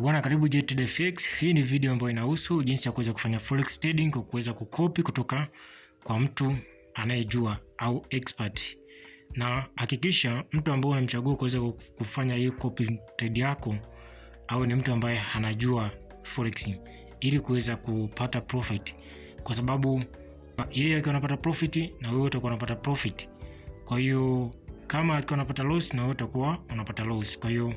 Bwana karibu FX. Hii ni video ambayo inahusu jinsi ya kuweza kufanya forex trading kwa kuweza kukopi kutoka kwa mtu anayejua au expert. Na hakikisha mtu ambaye unamchagua kuweza kufanya hiyo copy trade yako au ni mtu ambaye anajua forex ili kuweza kupata profit, kwa sababu yeye akiwa anapata profit na wewe utakuwa unapata profit. Kwa hiyo kama akiwa anapata loss na wewe utakuwa unapata loss. Kwa hiyo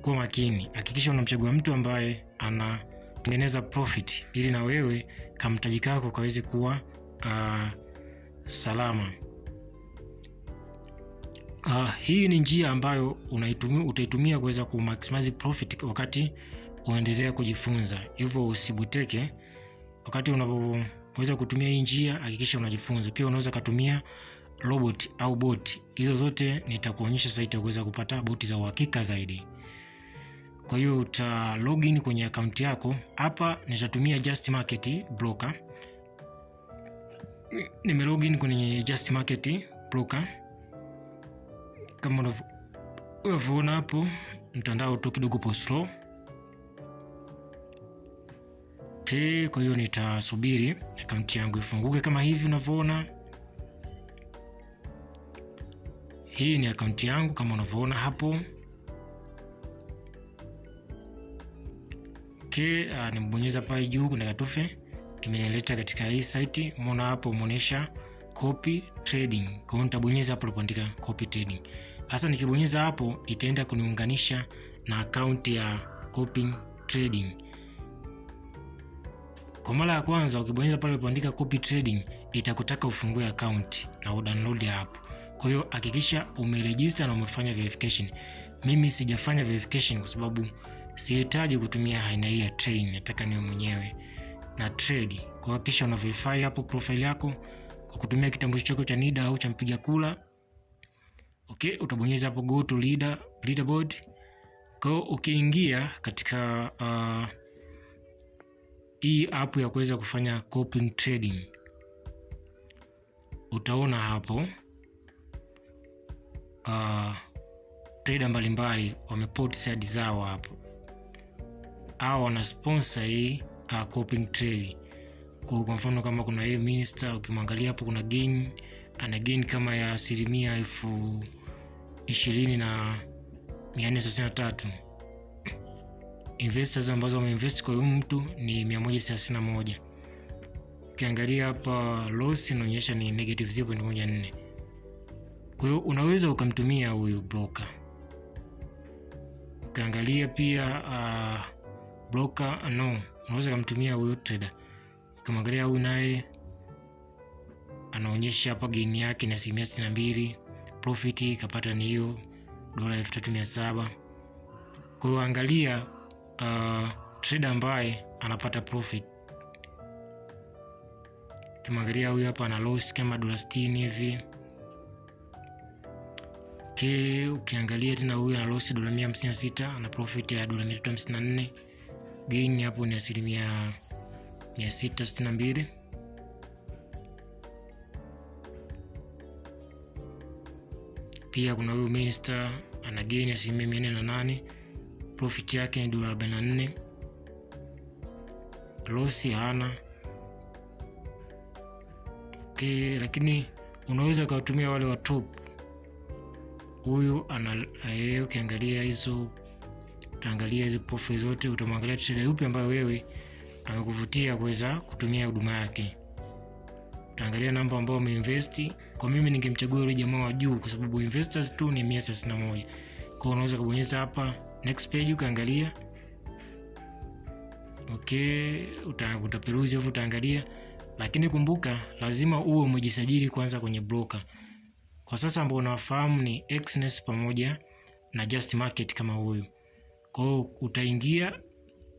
kuwa makini, hakikisha unamchagua mtu ambaye anatengeneza profit, ili na wewe kamtaji kako kaweze kuwa uh, salama. Uh, hii ni njia ambayo unaitumia, utaitumia kuweza ku maximize profit wakati unaendelea kujifunza, hivyo usibuteke wakati unapoweza kutumia hii njia, hakikisha unajifunza. Pia unaweza katumia robot au bot, hizo zote nitakuonyesha ya kuweza kupata boti za uhakika zaidi. Kwa hiyo uta login kwenye akaunti yako. Hapa nitatumia Just Market Broker. Nime login kwenye Just Market Broker kama unavyoona hapo, mtandao tu kidogo po slow okay. Kwa hiyo nitasubiri akaunti yangu ifunguke kama hivi unavyoona. Hii ni akaunti yangu kama unavyoona hapo. okay, uh, nimbonyeza pale juu, kuna katufe limenileta katika hii site. Umeona hapo umeonyesha copy trading, kwa hiyo nitabonyeza hapo ulipoandika copy trading. Sasa nikibonyeza hapo itaenda kuniunganisha na account ya copy trading. Kwa mara ya kwanza ukibonyeza pale ulipoandika copy trading itakutaka ufungue account na udownload hapo. Kwa hiyo hakikisha umeregister na umefanya verification. Mimi sijafanya verification kwa sababu Sihitaji kutumia aina hii ya train, nataka niwe mwenyewe na trade. Kwa hiyo una verify hapo profile yako kwa kutumia kitambulisho chako cha NIDA au cha mpiga kula Okay, utabonyeza hapo go to leader leaderboard. Kwa ukiingia katika uh, hii app ya kuweza kufanya copy trading utaona hapo uh, trader mbalimbali wamepost side zao hapo au wana sponsor hii uh, coping trail. Kwa kwa mfano kama kuna yeye minister, ukimwangalia hapo kuna gain, ana gain kama ya asilimia elfu ishirini na mia nne thelathini na tatu. Investors ambazo wameinvest kwa huyu mtu ni 131. Ukiangalia hapa loss inaonyesha ni negative 0.14. Kwa hiyo unaweza ukamtumia huyu broker. Ukiangalia pia uh, broker uh, no, unaweza kumtumia huyo trader ukamwangalia, huyu naye anaonyesha hapa gain yake ni asilimia sitini na mbili, profit kapata ni hiyo dola elfu tatu mia saba. Kwa hiyo angalia uh, trader ambaye anapata profit. Ukimwangalia huyu hapa ana loss kama dola sitini hivi ke Ukiangalia tena huyu ana loss dola mia hamsini na sita ana profit ya dola mia tatu hamsini na nne gain hapo ni asilimia 662 pia kuna huyu minister ana gain asilimia mia nne na nane profit yake ni dola arobaini na nne losi hana okay, lakini unaweza ukawatumia wale wa top huyu ana eh, ukiangalia hizo utaangalia hizi profi zote, utamwangalia trela yupi ambayo wewe amekuvutia kuweza kutumia huduma yake. Utaangalia namba ambayo umeinvesti. Kwa mimi ningemchagua yule jamaa wa juu, kwa sababu investors tu ni mia thelathini moja. Kwa hiyo unaweza kubonyeza hapa next page ukaangalia Okay, utaperuzi hivyo utaangalia, lakini kumbuka, lazima uwe umejisajili kwanza kwenye broker. Kwa sasa ambao unawafahamu ni Xness pamoja na Just Market kama huyu. Kwa hiyo utaingia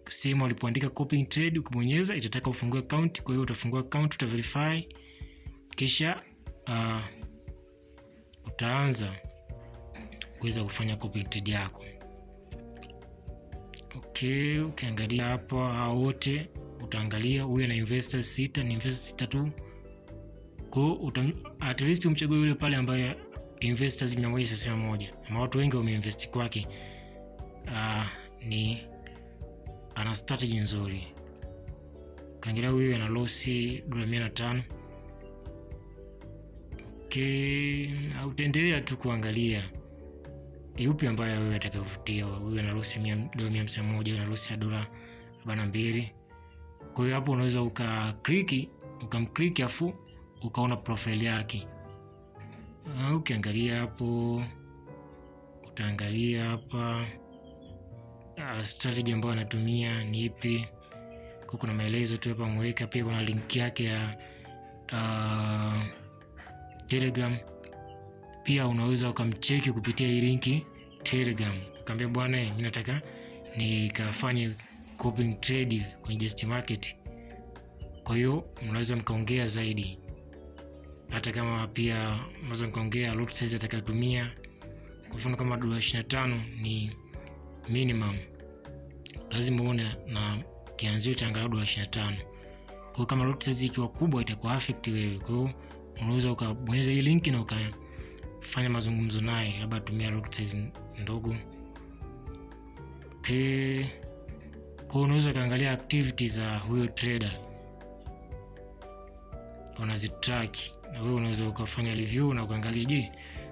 sehemu walipoandika copying trade, ukibonyeza itataka ufungue account. Kwa hiyo utafungua account, uta verify kisha uh, utaanza kuweza kufanya copying trade yako. Okay, ukiangalia hapa hao wote utaangalia huyu na investors sita, ni investors sita tu. Kwa hiyo uta at least umchague yule pale ambaye investors mia moja na watu wengi wameinvest kwake uh, ni ana strategy nzuri. Kaangalia huyu ana losi dola mia na tano. Okay, utaendelea tu kuangalia yupi ambaye wewe atakavutia Huyu ana losi dola mia hamsini na moja, ana losi ya dola arobaini na mbili. Kwa hiyo hapo unaweza ukakliki ukamkliki, afu ukaona profile yake. Ah, ukiangalia hapo, utaangalia hapa uh, strategy ambayo anatumia ni ipi. Kwa kuna maelezo tu hapa ameweka, pia kuna link yake ya uh, Telegram. Pia unaweza ukamcheki kupitia hii linki Telegram, kaambia bwana, eh, mimi nataka nikafanye coping trade kwenye Just Market. Kwa hiyo unaweza mkaongea zaidi, hata kama pia unaweza mkaongea lot size atakayotumia. Kwa mfano kama dola 25 ni minimum lazima uone na kianzio cha angalau dola 25. Kwa kama lot size ikiwa kubwa itakuwa affect wewe. kwao unaweza ukabonyeza hii link na ukafanya mazungumzo naye, labda tumia lot size ndogo. Okay. unaweza ukaangalia activity za huyo trader unazitrack, na wewe unaweza ukafanya review na ukaangalia, je,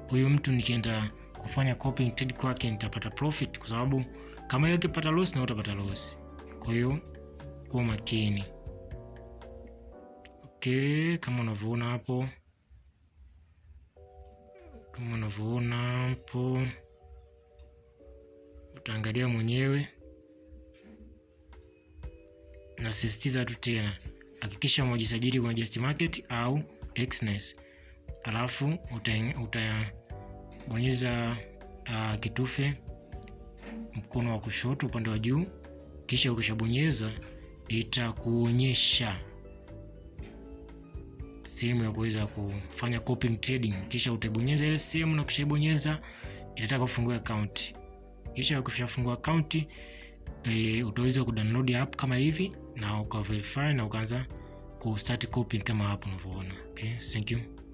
huyu mtu nikienda kufanya copying trade kwake nitapata profit, kwa sababu kama yeye akipata loss na utapata loss. Kwa hiyo kuwa makini. Okay, kama unavyoona hapo, kama unavyoona hapo, utaangalia mwenyewe. Nasisitiza tu tena, hakikisha umejisajili kwenye Just Market au Xness, alafu uta, uta bonyeza uh, kitufe mkono wa kushoto upande wa juu, kisha ukishabonyeza itakuonyesha sehemu ya kuweza kufanya copy trading, kisha utabonyeza ile sehemu na kushaibonyeza itataka kufungua account. Kisha ukishafungua account e, utaweza kudownload app kama hivi na ukaverify na ukaanza kustart copy kama hapo unavyoona. Okay, thank you.